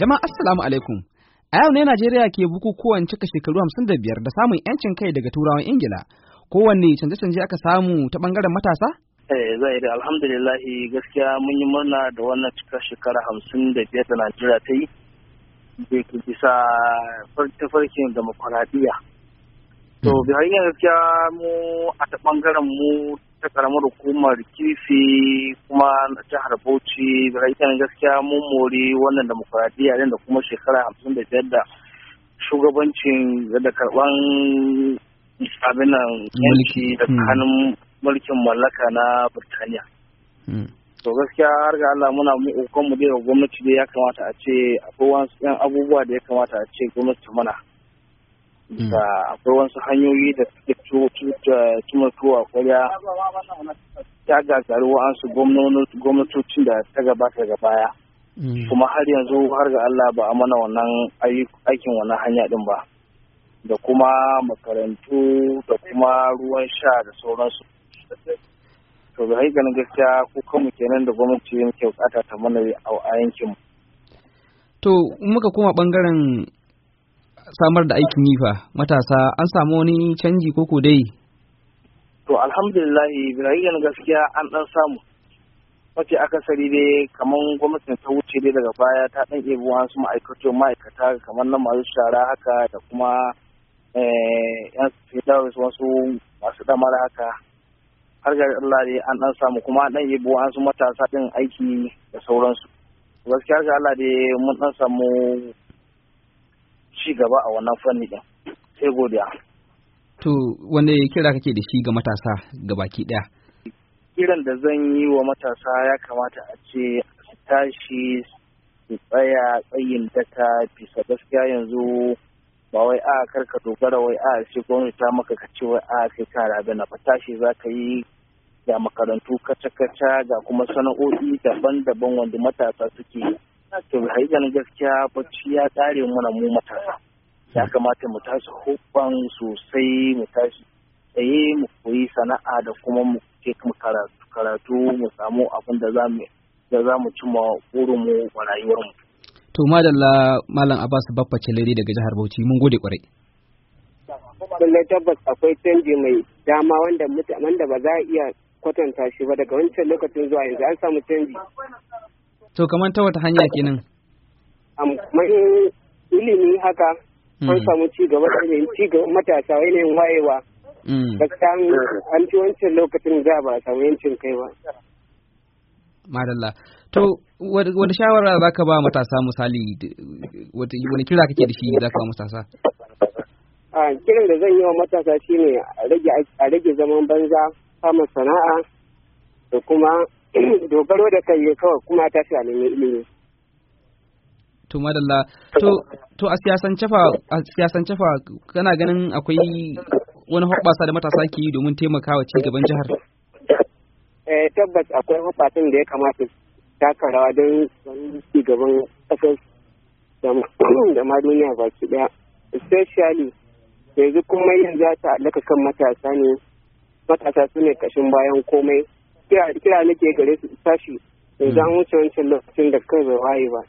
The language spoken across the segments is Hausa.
Jama'a assalamu alaikum. A yau ne Najeriya ke bukukuwan cika shekaru hamsin da biyar da samun yancin kai daga turawan Ingila. Kowanne canje-canje aka samu ta bangaren matasa? Eh zai da alhamdulillah gaskiya mun yi murna da wannan cika shekara hamsin da biyar da Najeriya ta yi. Bisa farkin demokuraɗiyya. To bi hanyar gaskiya mu a ta bangaren mu ta karamar hukumar kifi kuma jihar Bauchi rakitan gaskiya mun mori wannan demokuraɗiyya din da kuma shekara hamsin da biyar da shugabancin da karɓan abinan nan da hmm. hannun mulkin mallaka na Birtaniya. Hmm. To gaskiya har ga Allah muna mu mu dai gwamnati dai ya kamata a ce akwai wasu abubuwa da ya kamata a ce gwamnati mana. Da hmm. akwai wasu hanyoyi da suke tuwa kwarya ya gagari wa'ansu gwamnatocin da ta gabata daga baya mm. kuma har yanzu har ga Allah ba a mana wannan aikin wannan hanya din ba da kuma makarantu da kuma ruwan sha da sauransu to ga na gaskiya ko kanmu kenan da gwamnati ke bukata ta mana a yankin to muka koma bangaren samar da aikin yi fa matasa an samu wani canji koko dai to alhamdulillah birayen gaskiya an dan samu aka akasari dai kamar gwamnatin ta wuce dai daga baya ta dan ebi wasu ma'aikatan ma'aikata kamar na masu shara haka da kuma eh, yan sifidawis wasu masu damara haka har ga Allah dai an dan samu kuma dan ebi wasu matasa din aiki da sauransu gaskiya har ga Allah dai mun dan samu ci gaba a wannan fanni din sai godiya To wanda kira kake da shi ga matasa ga baki ɗaya? Kiran da zan yi wa matasa ya kamata a ce su tashi su tsaya tsayin daka bisa gaskiya yanzu ba wai a karka dogara wai a sai gwamnati ta maka ka ce wai a kai ka rabe na tashi za ka yi ga makarantu kaca-kaca ga kuma sana'o'i daban-daban wanda matasa suke to haƙiƙanin gaskiya bacci ya tsare mana mu matasa ya kamata mu tashi hoban sosai mu tashi tsaye mu koyi sana'a da kuma mu ke karatu mu samu abin da za mu da za mu cimma mu a rayuwarmu. To madalla Malam Abbas Baffa celeri daga jihar Bauchi mun gode kwarai. Lallai tabbas akwai canji mai dama wanda da ba za a iya kwatanta shi ba daga wancan lokacin zuwa yanzu an samu canji. To kamar ta wata hanya kenan? Amma ilimi haka an hmm. samu ci gaba da yin eh, ci gaba matasa yanayin wayewa hmm. gaskiya an ci wancan lokacin da ba a samu yancin kai ba madalla to wani shawara za ka ba matasa misali wani kira kake da shi za ka ba matasa a kiran da zan yi wa matasa shine a rage zaman banza samun sana'a da kuma dogaro da kai kawai kuma tashi a nemi ilimi to madalla to to a siyasance fa a siyasance fa kana ganin akwai wani hoɓɓasa da matasa ke yi domin taimakawa ci gaban jihar eh tabbas akwai hoɓɓasan da ya kamata taka rawa don ci gaban ƙasar da ma duniya baki ɗaya especially yanzu kuma yanzu za ta alaka kan matasa ne matasa su ne kashin bayan komai kira nake gare su tashi yanzu an wuce wancan lokacin da kai bai waye ba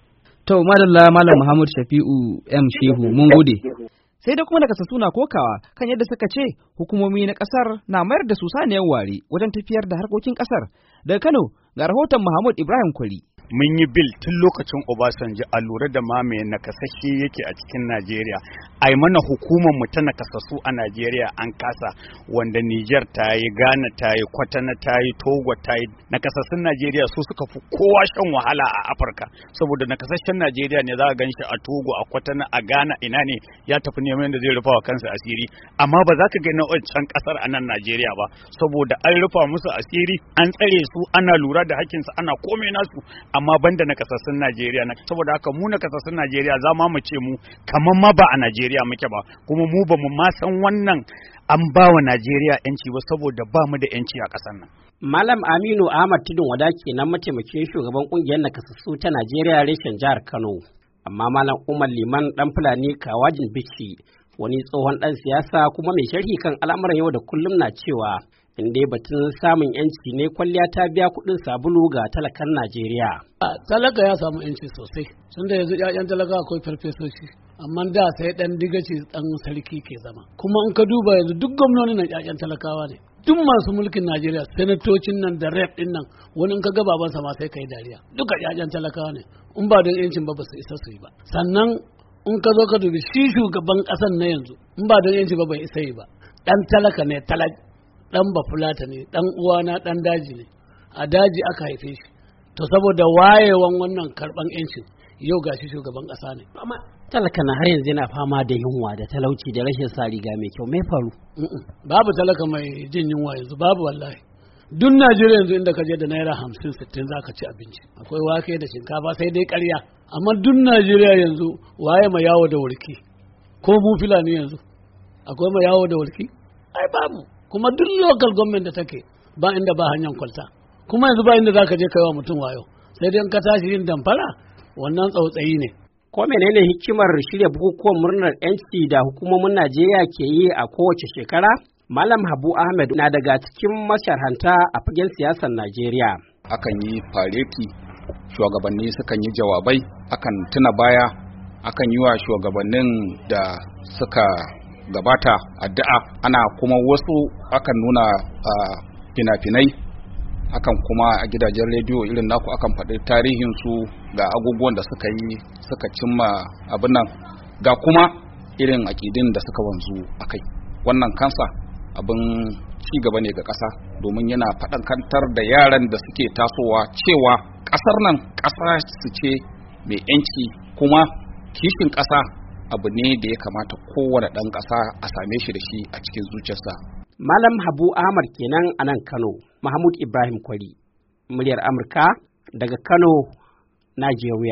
To madalla Malam Muhammad Shafi'u M Shehu mun gode. Sai da kuma nakasassu suna kokawa kan yadda suka ce hukumomi na kasar na mayar da su saniyan ware wajen tafiyar da harkokin kasar. Daga Kano ga rahoton Muhammad Ibrahim Kwari. mun yi bil tun lokacin obasanjo a lura da mamaye nakasashe yake a cikin najeriya ai mana hukumar mu ta nakasassu a najeriya an kasa wanda niger ta yi ghana ta yi kwatana ta yi togo ta yi nakasassun najeriya su suka fi kowa shan wahala a afirka saboda nakasashen najeriya ne za a ganshi a togo a kwatana a ghana ina ne ya tafi neman yadda zai rufa wa kansa asiri amma ba za ka ga can kasar a nan najeriya ba saboda an rufa musu asiri an tsare su ana lura da hakkinsu ana komai nasu amma banda na kasassun Najeriya na saboda haka mu na kasassun Najeriya za mu ce mu kamar ma ba a Najeriya muke ba kuma mu ba mu ma san wannan an ba wa Najeriya yanci ba saboda ba mu da yanci a kasar nan. Malam Aminu Ahmad Tudun Wada kenan mataimakin shugaban kungiyar nakasassu ta Najeriya reshen jihar Kano. Amma Malam Umar Liman dan Fulani Kawajin Bichi wani tsohon ɗan siyasa kuma mai sharhi kan al'amuran yau da kullum na cewa in dai batun samun yanci ne kwalliya ta biya kuɗin sabulu ga talakan Najeriya. Talaka ya samu yanci sosai, sun da yanzu ‘ya'yan talaka akwai farfesoshi, amma da sai ɗan digaci ɗan sarki ke zama. Kuma in ka duba yanzu duk gwamnoni na ‘ya'yan talakawa ne. Duk masu mulkin Najeriya, sanatocin nan da rep ɗin nan, wani in ka ga babansa ma sai ka yi dariya. Duka ‘ya'yan talakawa ne, in ba don yancin ba ba su isa su yi ba. Sannan in ka zo ka dubi shi shugaban ƙasan na yanzu in ba don yanci ba bai isa yi ba dan talaka ne talak dan bafulata ne dan uwana dan daji ne a daji aka haife shi to saboda wayewan wannan karban yancin yau gashi shugaban ƙasa ne amma talaka na har yanzu yana fama da yunwa da talauci da rashin sa riga mai kyau mai faru babu talaka mai jin yunwa yanzu babu wallahi duk najeriya yanzu inda ka je da naira hamsin sittin za ka ci abinci akwai wake da shinkafa sai dai karya amma duk najeriya yanzu waye ma yawo da warki ko mu filani yanzu akwai ma yawo da warki ai babu kuma duk local government da take ba inda ba hanyar kwalta kuma yanzu ba inda zaka je kai wa mutum wayo sai dai in ka tashi yin damfara wannan tsautsayi ne ko menene hikimar shirya bukukuwan murnar yanci da hukumomin Najeriya ke yi a kowace shekara Malam Habu Ahmed na daga cikin masharhanta a fagen siyasar Najeriya akan yi fareti shugabanni sukan yi jawabai akan tuna baya akan yi wa shugabannin da suka gabata addu'a ana kuma wasu akan nuna fina-finai akan kuma a gidajen rediyo irin naku akan faɗi su ga agogon da suka yi suka cimma abin nan ga kuma irin akidin da suka wanzu akai wannan kansa abin ci gaba ne ga ƙasa domin yana kantar da yaran da suke tasowa cewa ƙasar nan ƙasa su ce mai yanci kuma kishin ƙasa abu ne da ya kamata kowane ɗan ƙasa a same shi da shi a cikin zuciyarsa. Malam Habu Ahmad kenan a nan Kano, Mahmud Ibrahim Kwari, muryar Amurka daga Kano, Najeriya.